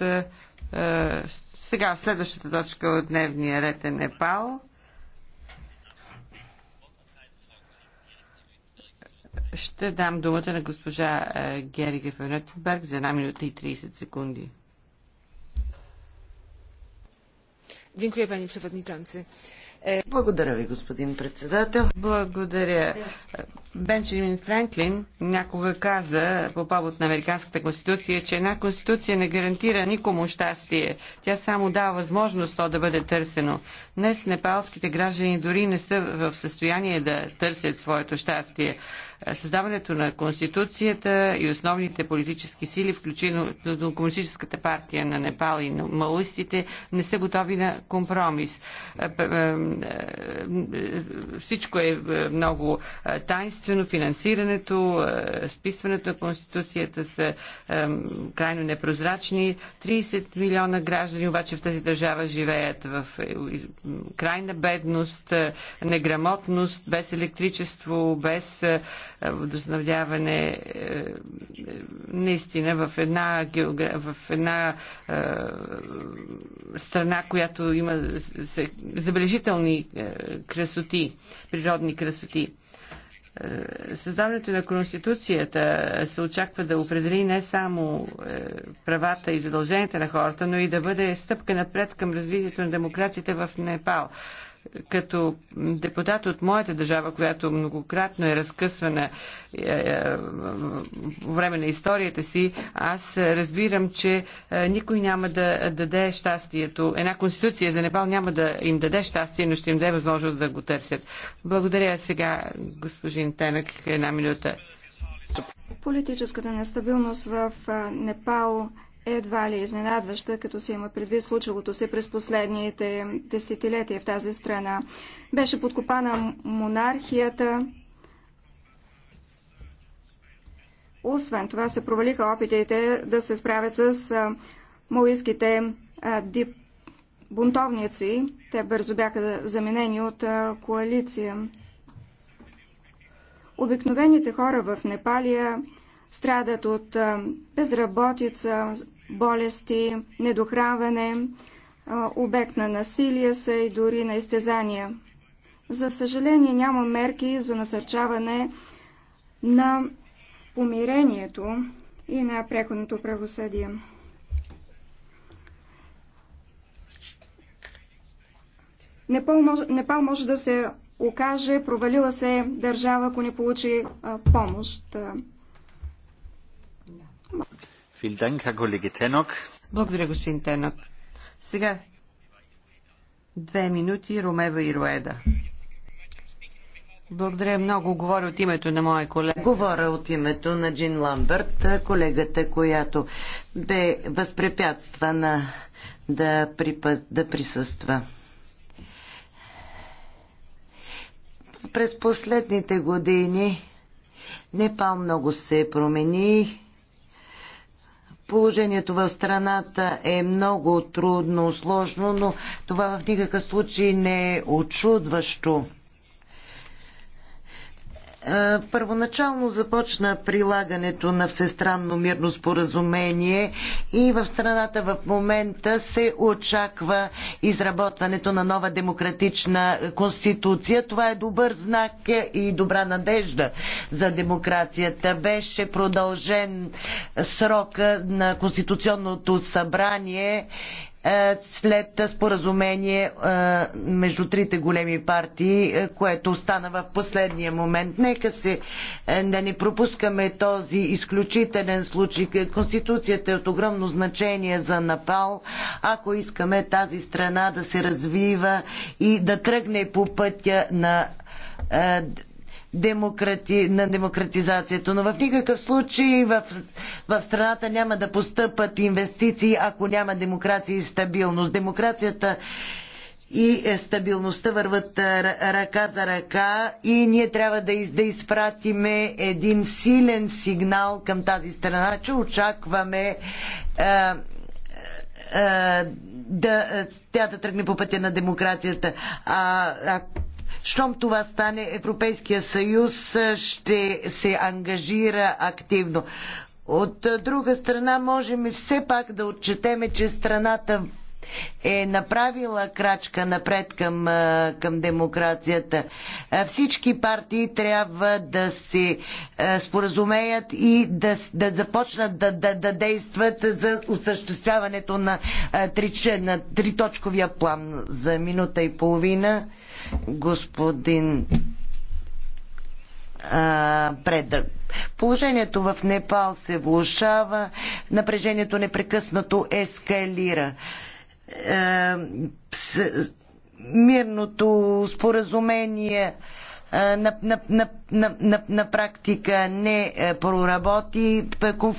Е, е, сега следващата точка от дневния ред е Непал. Ще дам думата на госпожа е, Гери Гефенетенберг за 1 минута и 30 секунди. Dziękuję panie przewodniczący. Е, Благодаря ви, господин председател. Благодаря. Бенджамин Франклин някога каза по повод на Американската конституция, че една конституция не гарантира никому щастие. Тя само дава възможност то да бъде търсено. Днес непалските граждани дори не са в състояние да търсят своето щастие. Създаването на конституцията и основните политически сили, включително Комунистическата партия на Непал и на Малистите, не са готови на компромис е, е, всичко е, е много тайнствено, финансирането, списването на Конституцията са крайно непрозрачни. 30 милиона граждани обаче в тази държава живеят в крайна бедност, неграмотност, без електричество, без е, водоснабдяване е, е, наистина в една, в една страна, която има забележителни красоти, природни красоти. Създаването на Конституцията се очаква да определи не само правата и задълженията на хората, но и да бъде стъпка напред към развитието на демокрацията в Непал като депутат от моята държава, която многократно е разкъсвана по е, е, време на историята си, аз разбирам, че е, никой няма да даде щастието. Една конституция за Непал няма да им даде щастие, но ще им даде възможност да го търсят. Благодаря сега, господин Тенък, една минута. Политическата нестабилност в Непал е едва ли изненадваща, като се има предвид случилото се през последните десетилетия в тази страна. Беше подкопана монархията. Освен това се провалиха опитите да се справят с малийските дип... бунтовници. Те бързо бяха заменени от коалиция. Обикновените хора в Непалия страдат от безработица, болести, недохранване, обект на насилие са и дори на изтезания. За съжаление няма мерки за насърчаване на помирението и на преходното правосъдие. Непал може, Непал може да се окаже провалила се държава, ако не получи а, помощ. Благодаря, господин Тенок. Сега две минути Ромева и Роеда. Благодаря много. Говоря от името на моя колега. Говоря от името на Джин Ламбърт, колегата, която бе възпрепятствана да, припа... да присъства. През последните години Непал много се промени Положението в страната е много трудно, сложно, но това в никакъв случай не е очудващо. Е, първоначално започна прилагането на всестранно мирно споразумение и в страната в момента се очаква изработването на нова демократична конституция. Това е добър знак и добра надежда за демокрацията. Беше продължен срока на Конституционното събрание е, след споразумение е, между трите големи партии, е, което остана в последния момент. Нека се да не пропускаме този изключителен случай. Конституцията е от огромно значение за Напал, ако искаме тази страна да се развива и да тръгне по пътя на демократи, на демократизацията. Но в никакъв случай в, в страната няма да постъпат инвестиции, ако няма демокрация и стабилност. Демокрацията и е, стабилността върват е, ръка за ръка и ние трябва да, из, да изпратиме един силен сигнал към тази страна, че очакваме а, е, а, да, тя да тръгне по пътя на демокрацията. А, а щом това стане, Европейския съюз ще се ангажира активно. От друга страна, можем и все пак да отчетеме, че страната е направила крачка напред към, към демокрацията. Всички партии трябва да се споразумеят и да, да започнат да, да, да действат за осъществяването на триточковия план за минута и половина господин предък. Положението в Непал се влушава, напрежението непрекъснато ескалира. Е, мирното споразумение на, на, на, на, на практика не проработи.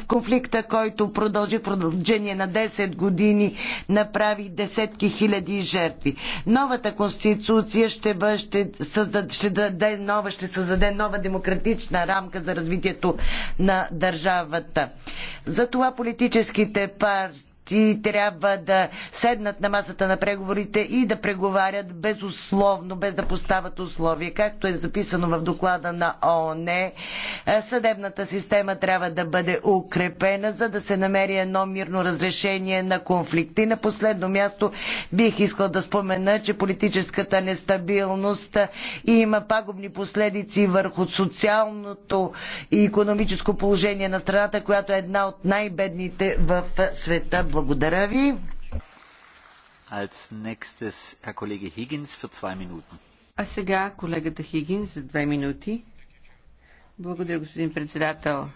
Конфликта, който продължи в продължение на 10 години, направи десетки хиляди жертви. Новата конституция ще, бъ, ще, създад, ще, даде нова, ще създаде нова демократична рамка за развитието на държавата. Затова политическите партии ти трябва да седнат на масата на преговорите и да преговарят безусловно, без да поставят условия. Както е записано в доклада на ООН, е, съдебната система трябва да бъде укрепена, за да се намери едно мирно разрешение на конфликти. На последно място бих искал да спомена, че политическата нестабилност има пагубни последици върху социалното и економическо положение на страната, която е една от най-бедните в света. Благодаря ви. А сега колегата Хигинс за две минути. Благодаря, господин председател.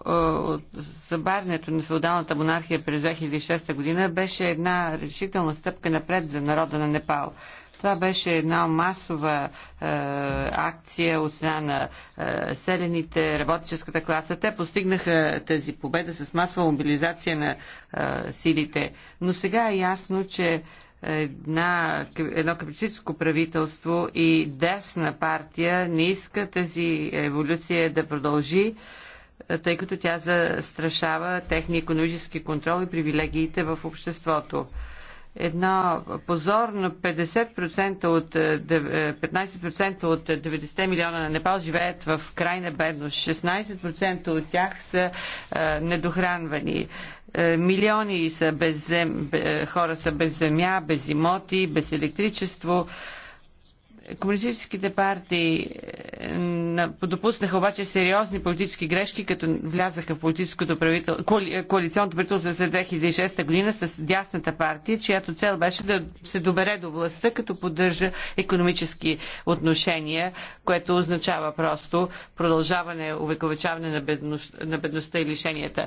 Забарнето забавянето на феодалната монархия през 2006 година беше една решителна стъпка напред за народа на Непал. Това беше една масова е, акция от страна на е, селените, работническата класа. Те постигнаха тази победа с масова мобилизация на е, силите. Но сега е ясно, че една, едно капиталистическо правителство и десна партия не иска тази еволюция да продължи е, тъй като тя застрашава техния економически контрол и привилегиите в обществото една позорна 50% от 15% е, е, от 90 милиона на Непал живеят в крайна бедност. 16% от тях са е, недохранвани. Милиони са без зем, хора са без земя, без имоти, без електричество. Комунистическите партии е, допуснаха обаче сериозни политически грешки, като влязаха в политическото правител... коали... Е, коалиционното правителство след 2006 година с дясната партия, чиято цел беше да се добере до властта, като поддържа економически отношения, което означава просто продължаване, увековечаване на, бедност... на бедността и лишенията.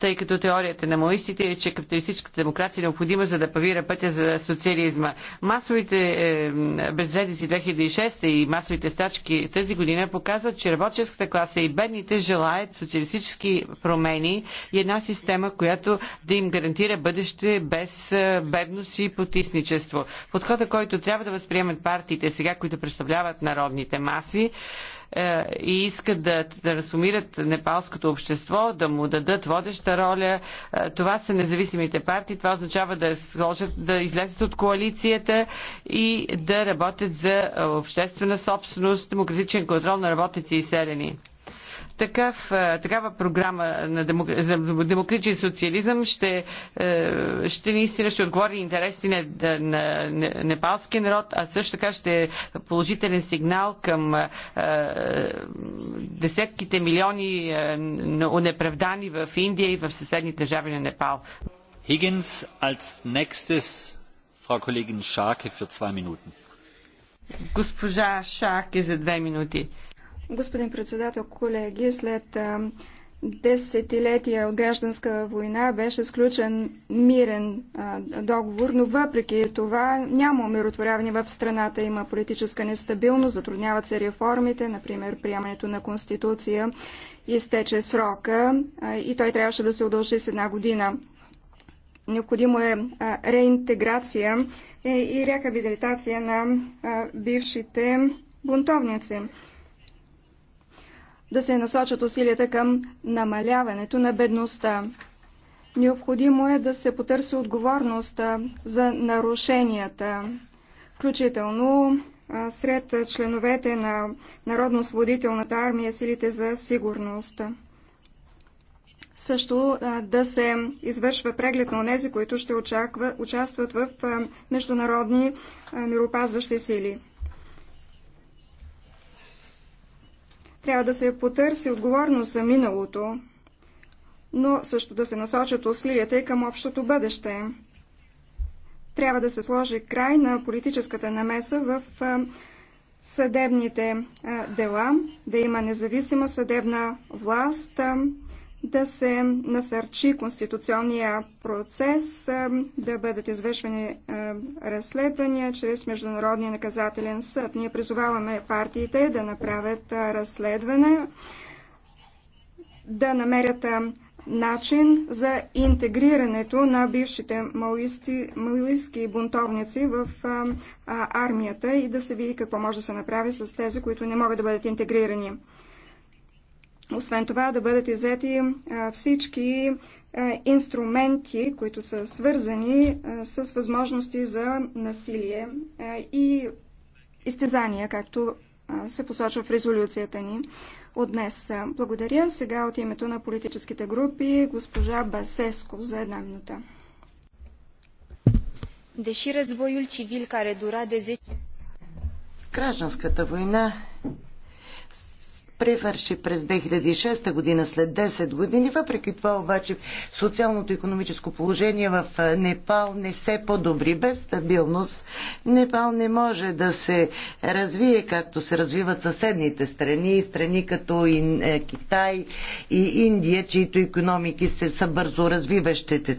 Тъй като теорията на маоистите е, че капиталистическата демокрация е необходима за да павира пътя за социализма. Масовите е, безредици 2006 и масовите стачки тази година показват, че работническата класа и бедните желаят социалистически промени и една система, която да им гарантира бъдеще без бедност и потисничество. Подхода, който трябва да възприемат партиите сега, които представляват народните маси, е, и искат да разумират непалското общество, да му дадат водеща роля. Е, това са независимите партии. Това означава да, сложат, да излезат от коалицията и да работят за е, обществена собственост, демократичен контрол на работници и селени такъв, такава програма на демок... за демократичен социализъм ще, е, ще наистина ще отговори интереси на, на, на непалския народ, а също така ще е положителен сигнал към а, е, десетките милиони е, унеправдани в Индия и в съседните държави на Непал. Higgins als nächstes Frau колегин Шарке, за 2 минути. Госпожа Шарке за 2 минути. Господин председател, колеги, след десетилетия от гражданска война беше сключен мирен договор, но въпреки това няма умиротворяване в страната, има политическа нестабилност, затрудняват се реформите, например приемането на Конституция изтече срока и той трябваше да се удължи с една година. Необходимо е реинтеграция е, и рехабилитация на бившите бунтовници да се насочат усилията към намаляването на бедността. Необходимо е да се потърси отговорност за нарушенията, включително сред членовете на Народно-освободителната армия силите за сигурност. Също да се извършва преглед на тези, които ще участват в международни миропазващи сили. Трябва да се потърси отговорност за миналото, но също да се насочат усилията и към общото бъдеще. Трябва да се сложи край на политическата намеса в съдебните дела, да има независима съдебна власт, да се насърчи конституционния процес, да бъдат извършвани разследвания чрез Международния наказателен съд. Ние призоваваме партиите да направят разследване, да намерят начин за интегрирането на бившите малуистки бунтовници в армията и да се види какво може да се направи с тези, които не могат да бъдат интегрирани. Освен това да бъдат иззети всички инструменти, които са свързани с възможности за насилие и изтезания, както се посочва в резолюцията ни от днес. Благодаря. Сега от името на политическите групи госпожа Басеско за една минута. Деши развоюл цивил, каре дура de 10... Гражданската война превърши през 2006 година, след 10 години. Въпреки това обаче социалното и економическо положение в Непал не се подобри. Без стабилност Непал не може да се развие както се развиват съседните страни, страни като и е, Китай и Индия, чието економики са бързо развиващите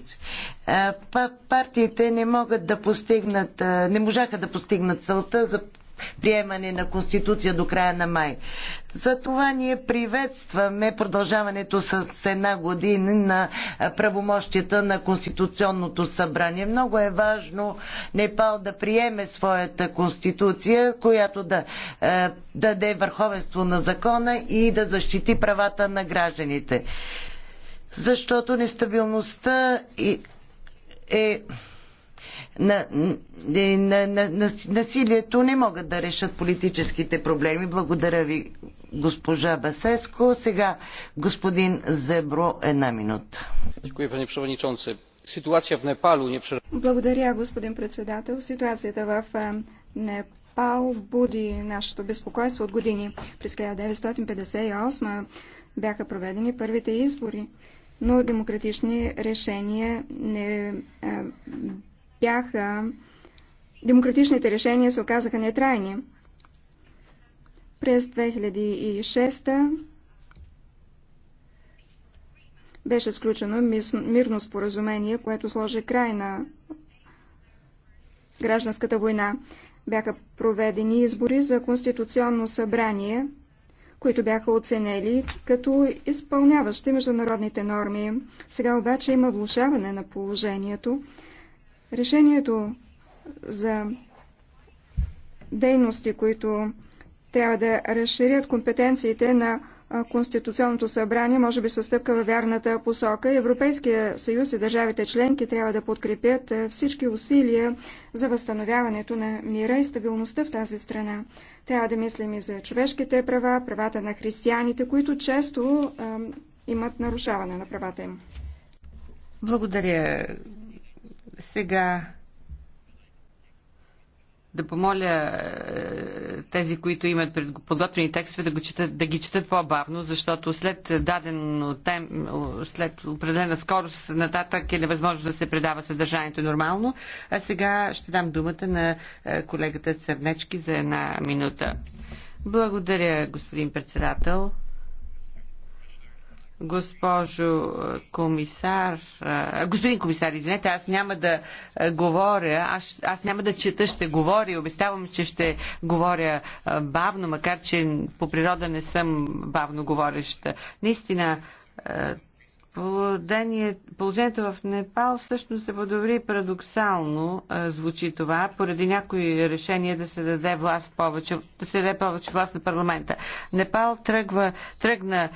партиите не могат да постигнат, не можаха да постигнат целта за приемане на Конституция до края на май. Затова ние приветстваме продължаването с една година на правомощията на Конституционното събрание. Много е важно Непал да приеме своята Конституция, която да, да даде върховенство на закона и да защити правата на гражданите. Защото нестабилността е на, е, на, на, на насилието не могат да решат политическите проблеми. Благодаря ви, госпожа Басеско. Сега господин Зебро, една минута. Благодаря, господин председател. Ситуацията в е, Непал буди нашето безпокойство от години. През 1958 бяха проведени първите избори, но демократични решения не е, бяха демократичните решения се оказаха нетрайни. През 2006 беше сключено мирно споразумение, което сложи край на гражданската война. Бяха проведени избори за Конституционно събрание, които бяха оценели като изпълняващи международните норми. Сега обаче има влушаване на положението. Решението за дейности, които трябва да разширят компетенциите на Конституционното събрание, може би са стъпка във вярната посока. Европейския съюз и държавите членки трябва да подкрепят всички усилия за възстановяването на мира и стабилността в тази страна. Трябва да мислим и за човешките права, правата на християните, които често имат нарушаване на правата им. Благодаря, сега да помоля е, тези, които имат подготвени текстове, да, го четат, да ги четат по-бавно, защото след даден тем, след определена скорост нататък е невъзможно да се предава съдържанието нормално. А сега ще дам думата на е, колегата Сърнечки за една минута. Благодаря, господин председател. Госпожо комисар, господин комисар, извинете, аз няма да говоря, аз, аз няма да чета, ще говоря. Обещавам, че ще говоря бавно, макар че по природа не съм бавно говореща. Наистина, Положението в Непал всъщност се подобри парадоксално, звучи това, поради някои решения да се даде власт повече, да се даде повече власт на парламента. Непал тръгва, тръгна,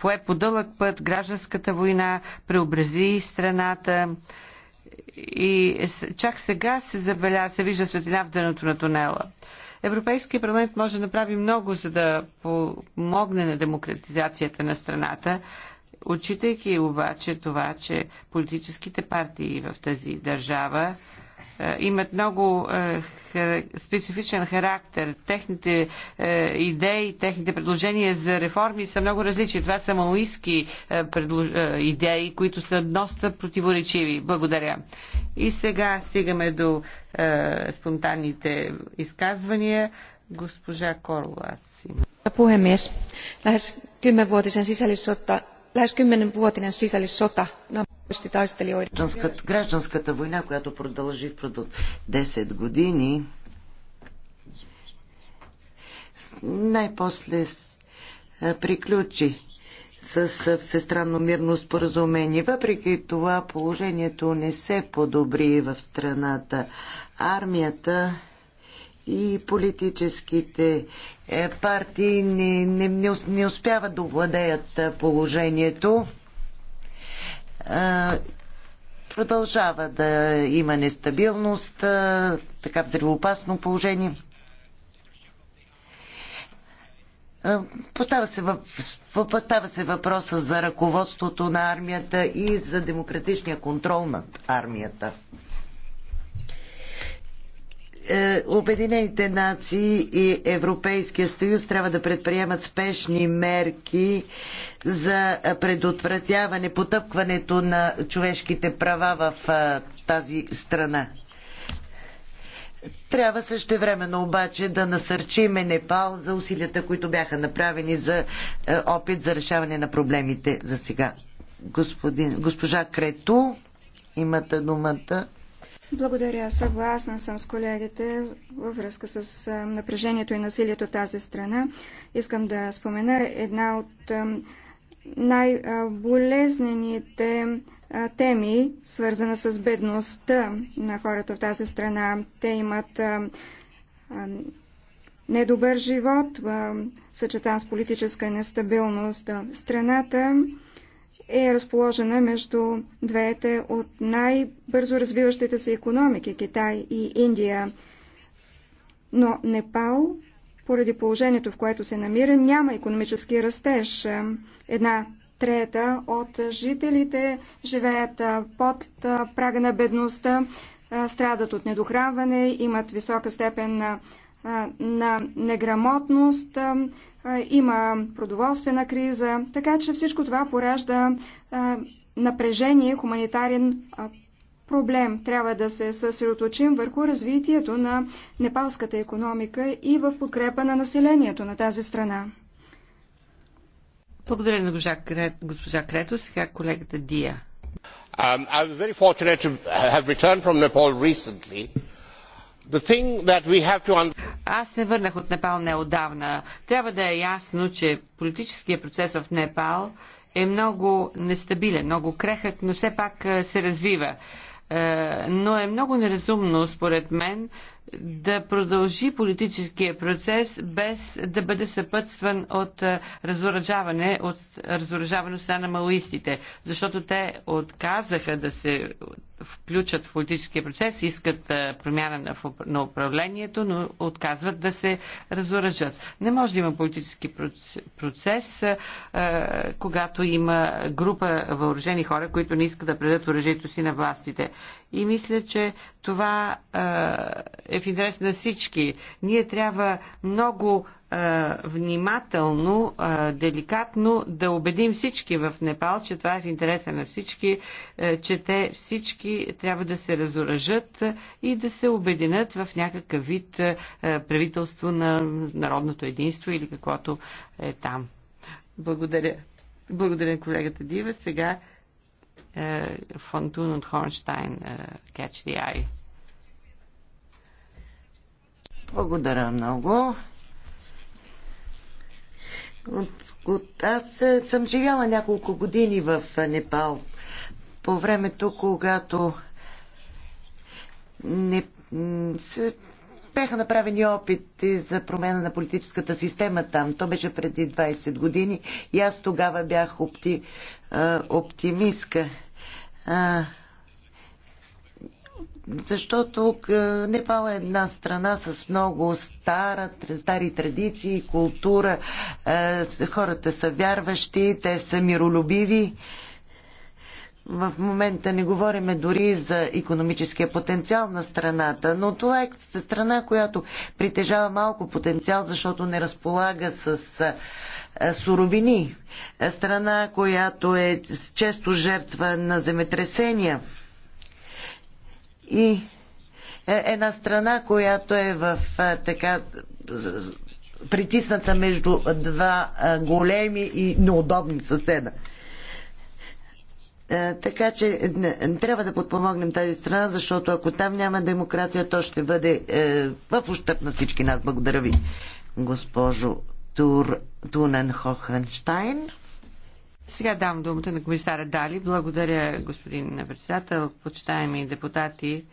по по дълъг път, гражданската война преобрази страната и чак сега се забеля, се вижда светлина в дъното на тунела. Европейския парламент може да направи много, за да помогне на демократизацията на страната, Отчитайки обаче това, че политическите партии в тази държава е, имат много е, специфичен характер. Техните е, идеи, техните предложения за реформи са много различни. Това са малоиски идеи, които са доста противоречиви. Благодаря. И сега стигаме до спонтанните изказвания. Госпожа Королац има. Puhemies, lähes kymmenvuotisen Lähes 10-vuotinen sisällissota naapuristi taistelijoiden... Гражданската война, която продължи в продъл... 10 години, най-после приключи с всестранно мирно споразумение. Въпреки това положението не се подобри в страната. Армията и политическите е, партии не, не, не, не успяват да овладеят е, положението. Е, продължава да има нестабилност, така взривоопасно положение. Поставя се, поставя се въпроса за ръководството на армията и за демократичния контрол над армията. Е, Обединените нации и Европейския съюз трябва да предприемат спешни мерки за предотвратяване потъпкването на човешките права в тази страна. Трябва също времено обаче да насърчиме Непал за усилията, които бяха направени за е, опит за решаване на проблемите за сега. Господин, госпожа Крето, имате думата. Благодаря. Съгласна съм с колегите във връзка с напрежението и насилието в тази страна. Искам да спомена една от най-болезнените теми, свързана с бедността на хората в тази страна. Те имат недобър живот, съчетан с политическа нестабилност. Страната е разположена между двете от най-бързо развиващите се економики Китай и Индия. Но Непал, поради положението, в което се намира, няма економически растеж. Една трета от жителите живеят под прага на бедността, страдат от недохранване, имат висока степен на на неграмотност, има продоволствена криза, така че всичко това поражда напрежение, хуманитарен проблем. Трябва да се съсредоточим върху развитието на непалската економика и в подкрепа на населението на тази страна. Благодаря на госпожа, госпожа Крето. Сега колегата Дия. Um, I was very fortunate to have returned from Nepal recently. Аз се върнах от Непал неодавна. Трябва да е ясно, че политическия процес в Непал е много нестабилен, много крехък, но все пак се развива. Е, но е много неразумно, според мен, да продължи политическия процес без да бъде съпътстван от разоръжаване, от разоръжаване страна на малоистите, защото те отказаха да се включат в политическия процес, искат промяна на управлението, но отказват да се разоръжат. Не може да има политически процес, когато има група въоръжени хора, които не искат да предат оръжието си на властите. И мисля, че това е в интерес на всички. Ние трябва много внимателно, деликатно да убедим всички в Непал, че това е в интереса на всички, че те всички трябва да се разоръжат и да се обединят в някакъв вид правителство на народното единство или каквото е там. Благодаря. Благодаря на колегата Дива. Сега е, Фонтун от Хорнштайн, е, Catch the Eye. Благодаря много. От, от, аз е, съм живяла няколко години в е, Непал. По времето, когато не, се беха направени опити за промена на политическата система там. То беше преди 20 години и аз тогава бях опти, е, оптимистка. А, защото е, Непал е една страна с много стара, стари традиции, култура, е, хората са вярващи, те са миролюбиви. В момента не говориме дори за економическия потенциал на страната, но това е страна, която притежава малко потенциал, защото не разполага с е, суровини. Страна, която е често жертва на земетресения и е, една страна, която е в е, така притисната между два е, големи и неудобни съседа. Така че трябва да подпомогнем тази страна, защото ако там няма демокрация, то ще бъде е, в ущъп на всички нас. Благодаря ви, госпожо Тур, Тунен Хохенштайн. Сега дам думата на комисара Дали. Благодаря, господин председател, почитаеми депутати.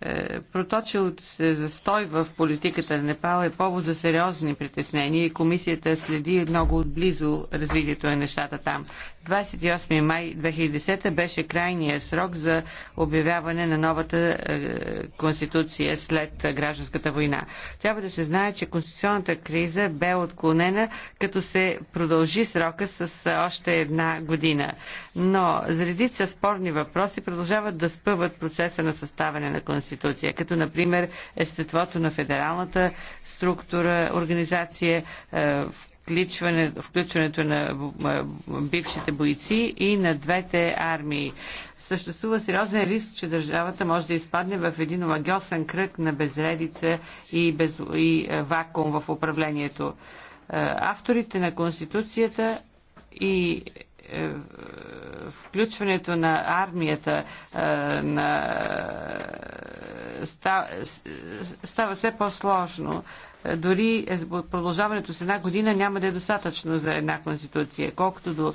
Е, Проточилото се застой в политиката на Непал е повод за сериозни притеснения и комисията следи много отблизо развитието на нещата там. 28 май 2010 беше крайния срок за обявяване на новата е, конституция след гражданската война. Трябва да се знае, че конституционната криза бе отклонена, като се продължи срока с още една година. Но заредица спорни въпроси продължават да спъват процеса на съставане на конституция институция, като например естеството на федералната структура, организация, е, включване, включването на е, бившите бойци и на двете армии. Съществува сериозен риск, че държавата може да изпадне в един лагиосен кръг на безредица и, без, и е, вакуум в управлението. Авторите на Конституцията и е, включването на армията е, на... става все по-сложно дори продължаването с една година няма да е достатъчно за една конституция. Колкото до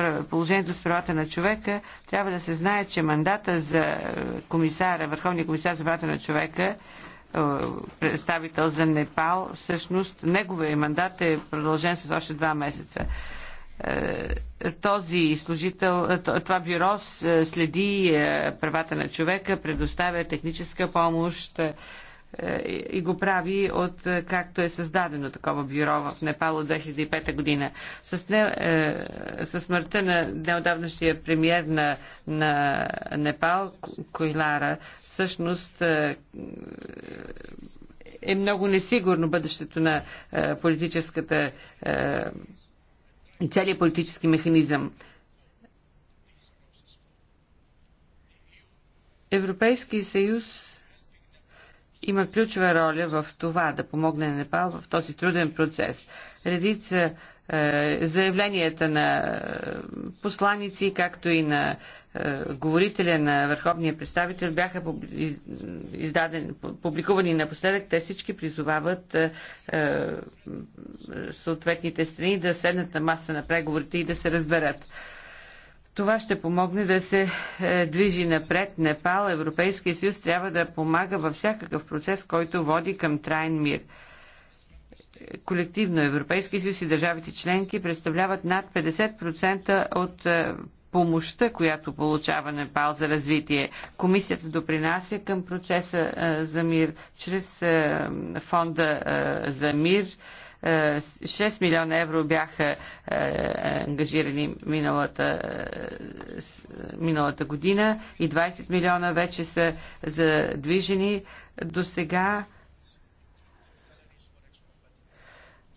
е, положението с правата на човека, трябва да се знае, че мандата за комисара, Върховния комисар за правата на човека, представител за Непал, всъщност неговия мандат е продължен с още два месеца. Е, този служител, е, това бюро е, следи правата на човека, предоставя техническа помощ и го прави от както е създадено такова бюро в Непал от 2005 година. С, не, с смъртта на неодавнащия премьер на, на Непал, Койлара, всъщност е много несигурно бъдещето на политическата и целият политически механизъм. Европейски съюз има ключова роля в това да помогне на Непал в този труден процес. Редица е, заявленията на посланици, както и на е, говорителя на върховния представител бяха издадени, публикувани напоследък. Те всички призовават е, съответните страни да седнат на маса на преговорите и да се разберат. Това ще помогне да се движи напред. Непал, Европейския съюз трябва да помага във всякакъв процес, който води към траен мир колективно Европейския съюз и държавите членки представляват над 50% от е, помощта, която получава Непал за развитие. Комисията допринася към процеса е, за мир чрез е, фонда за мир. 6 милиона евро бяха ангажирани миналата, миналата година и 20 милиона вече са задвижени. До сега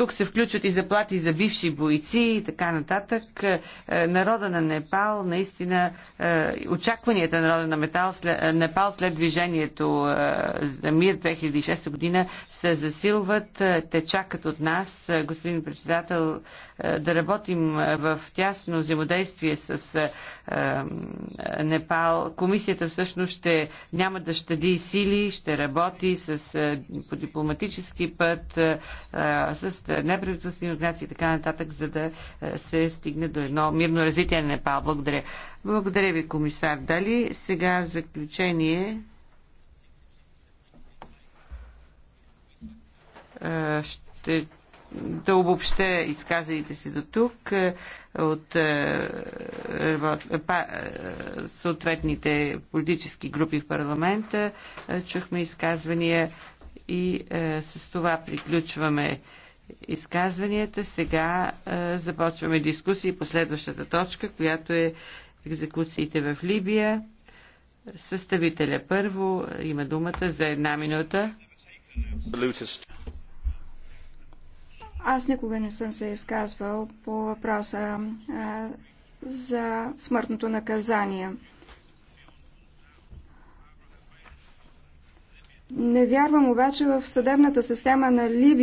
Тук се включват и заплати за бивши бойци и така нататък. Е, народа на Непал, наистина, е, очакванията на народа на метал, е, Непал след движението за мир 2006 година се засилват. Те чакат от нас, господин председател, да работим в тясно взаимодействие с Непал. Комисията всъщност ще няма да щади сили, ще работи с, по дипломатически път, с неправителствени организации и така нататък, за да е, се стигне до едно мирно развитие на Непал. Благодаря. Благодаря ви, комисар Дали. Сега в заключение е, ще да обобща изказаните си до тук е, от съответните политически групи в парламента. Чухме изказвания и с това приключваме изказванията. Сега е, започваме дискусии по следващата точка, която е екзекуциите в Либия. Съставителя първо е, има думата за една минута. Аз никога не съм се изказвал по въпроса а, е, за смъртното наказание. Не вярвам обаче в съдебната система на Либия.